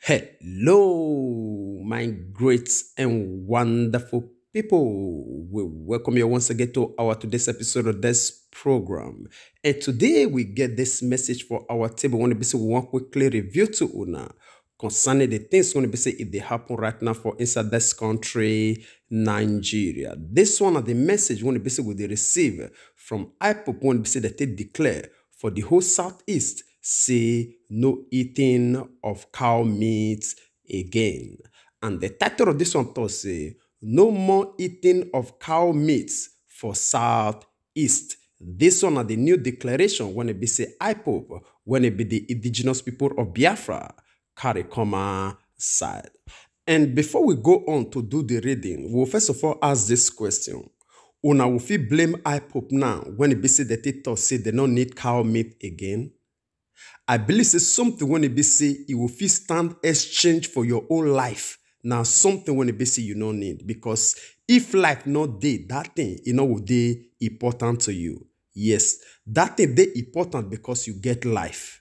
Hello, my great and wonderful people. We welcome you once again to our today's episode of this program. And today we get this message for our table. One be say we want quickly review to Una concerning the things going to be say if they happen right now for inside this country, Nigeria. This one of the message want to be say we receive from IPOP when they say that they declare for the whole southeast say no eating of cow meat again. And the title of this one talks say no more eating of cow meat for southeast. This one are the new declaration when it be say IPOP, when it be the indigenous people of Biafra, Karikoma side. And before we go on to do the reading, we'll first of all ask this question. Una will fit blame IPOP now when it be say that they talk say they don't need cow meat again? I believe say something when it be say it will fit stand exchange for your own life. Now something when it be say you don't need because if life not day, that thing you e know will day important to you. Yes, that thing they important because you get life.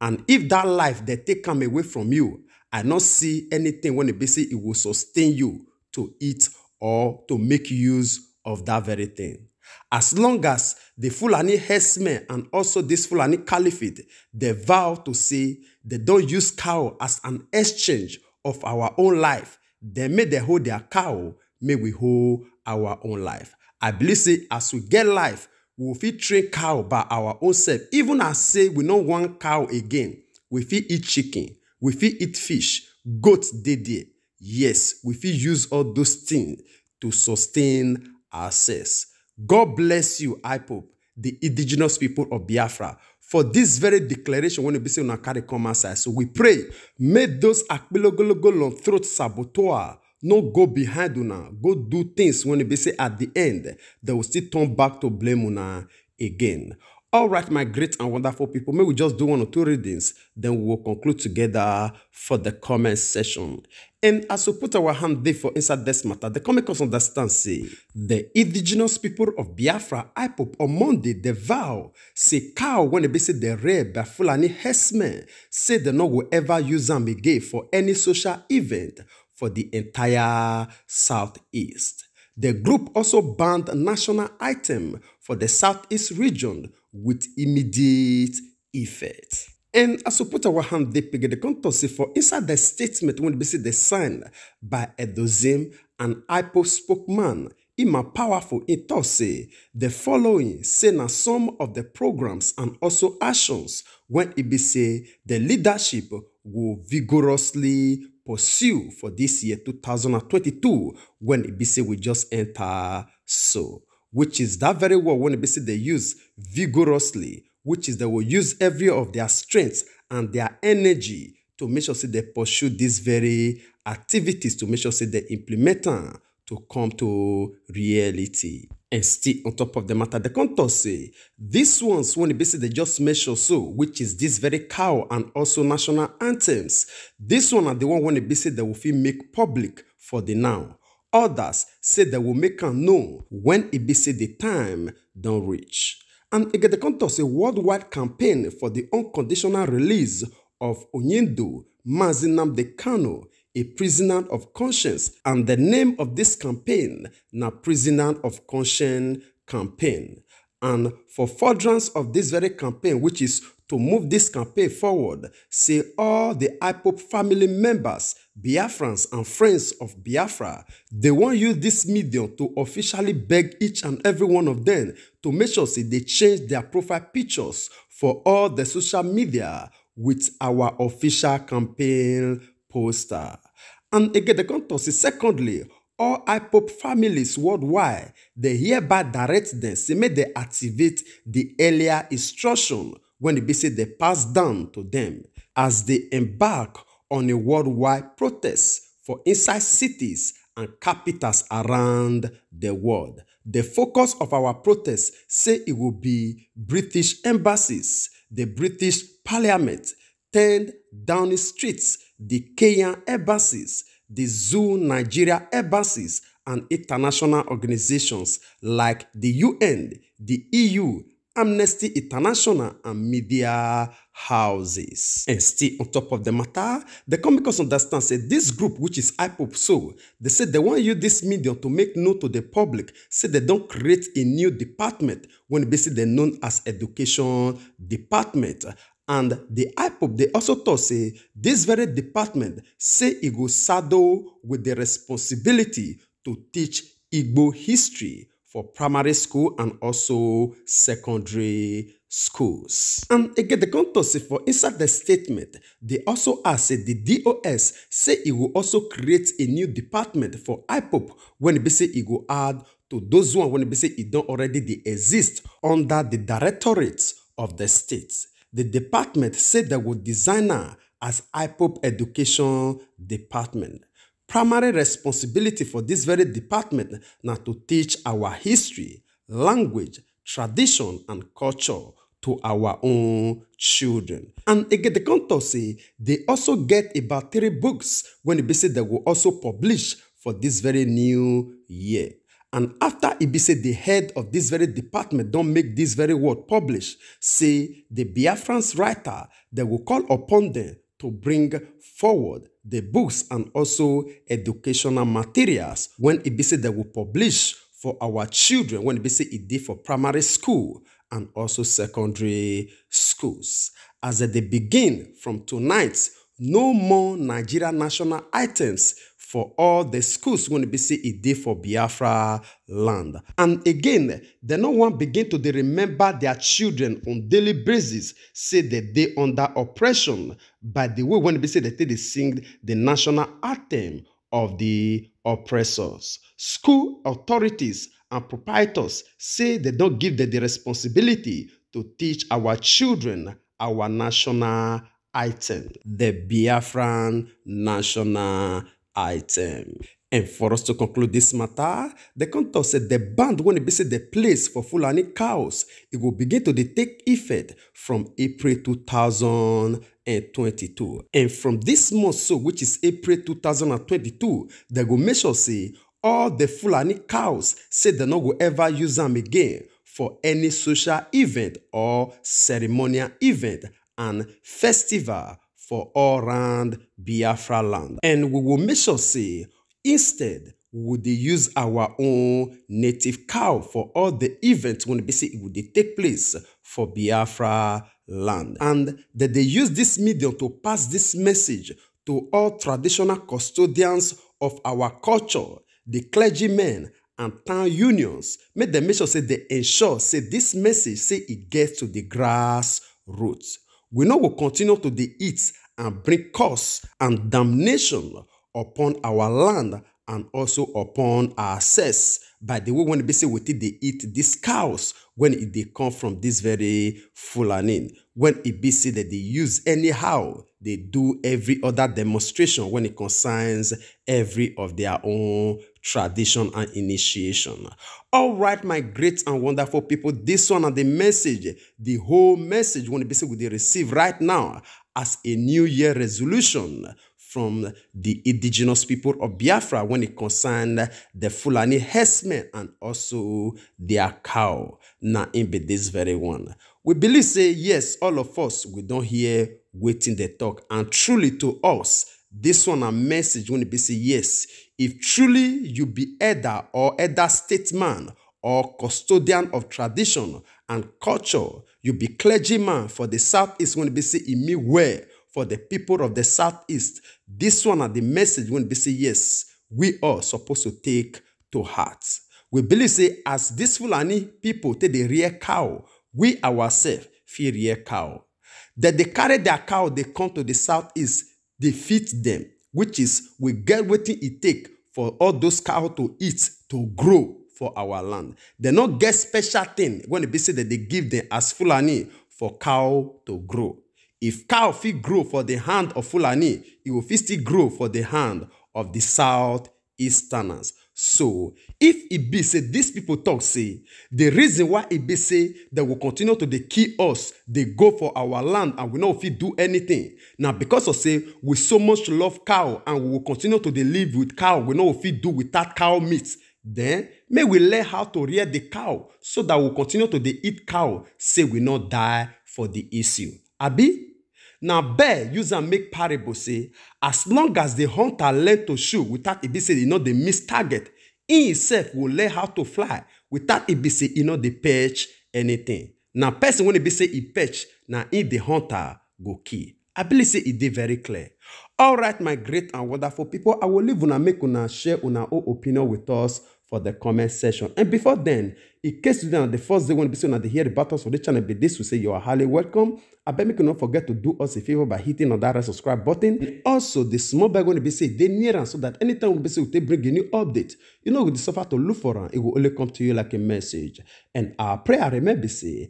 And if that life they take come away from you, I not see anything when it be say it will sustain you to eat or to make use of that very thing. As long as the Fulani herdsmen and also this Fulani caliphate, they vow to say they don't use cow as an exchange of our own life. They may they hold their cow, may we hold our own life. I believe say as we get life, we will fit train cow by our own self. Even as say we no want cow again, we feed eat chicken, we feed eat fish, goat dey there. Yes, we feed use all those things to sustain ourselves. God bless you, IPOP, the indigenous people of Biafra, for this very declaration when you be saying una carry come outside. So we pray, may those akpilogologo throat saboteur no go behind una, go do things when you be say at the end, they will still turn back to blame una again. All right, my great and wonderful people, may we just do one or two readings, then we will conclude together for the comment session. And as we put our hand there for inside this matter, the comicals understand, say, the indigenous people of Biafra, IPOP, on Monday, they vow, say, cow, when they say the rare by Fulani herdsmen, say they no will ever use them again for any social event for the entire Southeast. The group also banned national item for the southeast region with immediate effect. And as put Asopota Wahan Depege the contosi for inside the statement when they the sign by Edozim an IPO spokesman Ima Powerful Itose the following say na some of the programs and also actions when it be say the leadership will vigorously pursue for this year 2022 when Ibise will just enter so, which is that very word when Ibise they use vigorously, which is they will use every of their strength and their energy to make sure they pursue these very activities to make sure they implement them to come to reality and still on top of the matter. The contour say this ones when basically they just measure so, which is this very cow and also national anthems. This one are the one when they basically they will feel make public for the now. Others say they will make them know when it e be say the time don't reach. And again, e the contours a worldwide campaign for the unconditional release of Onyendo Mazinam de Kano a prisoner of conscience. And the name of this campaign, na prisoner of conscience campaign. And for furtherance of this very campaign, which is to move this campaign forward, say all the IPOP family members, Biafrans and friends of Biafra, they want use this medium to officially beg each and every one of them to make sure say, they change their profile pictures for all the social media with our official campaign poster. And again, the contours secondly, all IPOP families worldwide, they hereby direct them, say may they activate the earlier instruction when the BC they pass down to them as they embark on a worldwide protest for inside cities and capitals around the world. The focus of our protest say it will be British embassies, the British parliament, 10 Downing streets, the Kenya embassies, the Zoo Nigeria embassies, and international organizations like the UN, the EU, Amnesty International and media houses. And still on top of the matter, the Comicos understand say this group which is IPOP so, they said they want use this media, to make known to the public, say they don't create a new department when basically they're known as education department and di ipob they also tok say this very department say it will saddle with the responsibility to teach igbo history for primary school and also secondary schools. And again, the contour say for inside the statement, they also asked the DOS say it will also create a new department for IPOP when it say it will add to those ones when it say it don't already exist under the directorates of the states the department said they would design her as IPOP Education Department. Primary responsibility for this very department now to teach our history, language, tradition, and culture to our own children. And again, the contour say they also get about three books when they say they will also publish for this very new year. And after Ibise, the head of this very department, don't make this very word publish, say the Biafrans writer, they will call upon them to bring forward the books and also educational materials when Ibise they will publish for our children, when Ibise it did for primary school and also secondary schools. As they begin from tonight, no more Nigeria national items for all the schools going to be see it did for Biafra land. And again, the no one begin to they remember their children on daily basis, say that they under oppression by the way when they say that they sing the national anthem of the oppressors. School authorities and proprietors say they don't give them the responsibility to teach our children our national item, the Biafran national item. And for us to conclude this matter, the contour said the band won't be the place for Fulani cows. It will begin to take effect from April 2022. And from this month so, which is April 2022, they will make sure say all the Fulani cows said they no go ever use them again for any social event or ceremonial event and festival for all round Biafra land. And we will make sure say, instead, would they use our own native cow for all the events when be say would go take place for Biafra land. And that they use this medium to pass this message to all traditional custodians of our culture, the clergymen and town unions, make them make sure say they ensure say this message say it gets to the grass root. We no go continue to the eat and bring curse and damnation upon our land and also upon ourselves by the way when they say did, they eat these cows when e dey come from this very fulani when it be said that they use anyhow they do every other demonstration when it concerns every of their own tradition and initiation. All right, my great and wonderful people, this one and the message, the whole message, when the basic we receive right now as a New Year resolution from the indigenous people of Biafra when it concerned the Fulani herdsmen and also their cow. Now, in be this very one. We believe, say, yes, all of us, we don't hear waiting the talk. And truly to us, this one a message when it say, yes, if truly you be either or either statesman or custodian of tradition and culture, You be clergyman for the southeast when be say it me where for the people of the southeast. This one are the message when be say yes, we are supposed to take to heart. We believe say as this Fulani people take the rear cow, we ourselves fit rear cow. That they carry their cow, they come to the southeast, defeat them, which is we get what it take for all those cow to eat, to grow, for our land. They not get special thing when they say that they give them as Fulani for cow to grow. If cow fit grow for the hand of Fulani, it will still grow for the hand of the South Easterners. So, if it e be say these people talk say, the reason why it e be say they will continue to they kill us, they go for our land and we know if we do anything. Now, because of say we so much love cow and we will continue to they live with cow, we know if we do without cow meat. Then may we learn how to rear the cow so that we'll continue to dey eat cow, say we not die for the issue. Abi? na bear use am make parable say as long as the hunter learn to shoot without e be say e no dey miss target he himself go learn how to fly without e be say e no dey perch anything na person wey e be say e perch na him the hunter go kill I believe say e dey very clear. All right, my great and wonderful people, I will leave una make una share una own opinion with us for the comment section. And before then, In case today na the first day when the person na dey hear the battles for this channel be this, we say you are highly welcome. abeg make you no forget to do us a favor by hitting on that red subscribe button and also the small bell wey be say they near us so that anytime we be say we take bring a new update you know go dey suffer to look for it; e go only come to you like a message and our prayer remain be say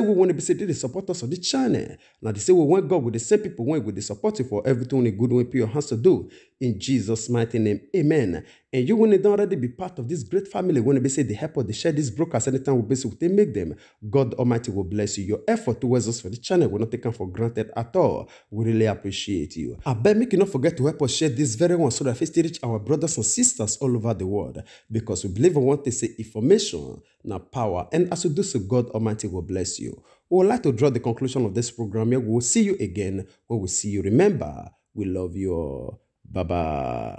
we want to be said they support us on the channel Now they say we want God with the same people wey go dey support you for everything wey good wey put your hands to do in Jesus mighty name amen and you wey don already be part of this great family wey be say they help us they share this broken broadcast anytime we basic, they make them. God Almighty will bless you. Your effort towards us for the channel will not take taken for granted at all. We really appreciate you. I bet make you not forget to help us share this very one so that we still reach our brothers and sisters all over the world because we believe in what they say information, not power. And as we do so, God Almighty will bless you. We would like to draw the conclusion of this program here. We will see you again when we see you. Remember, we love you all. Bye bye.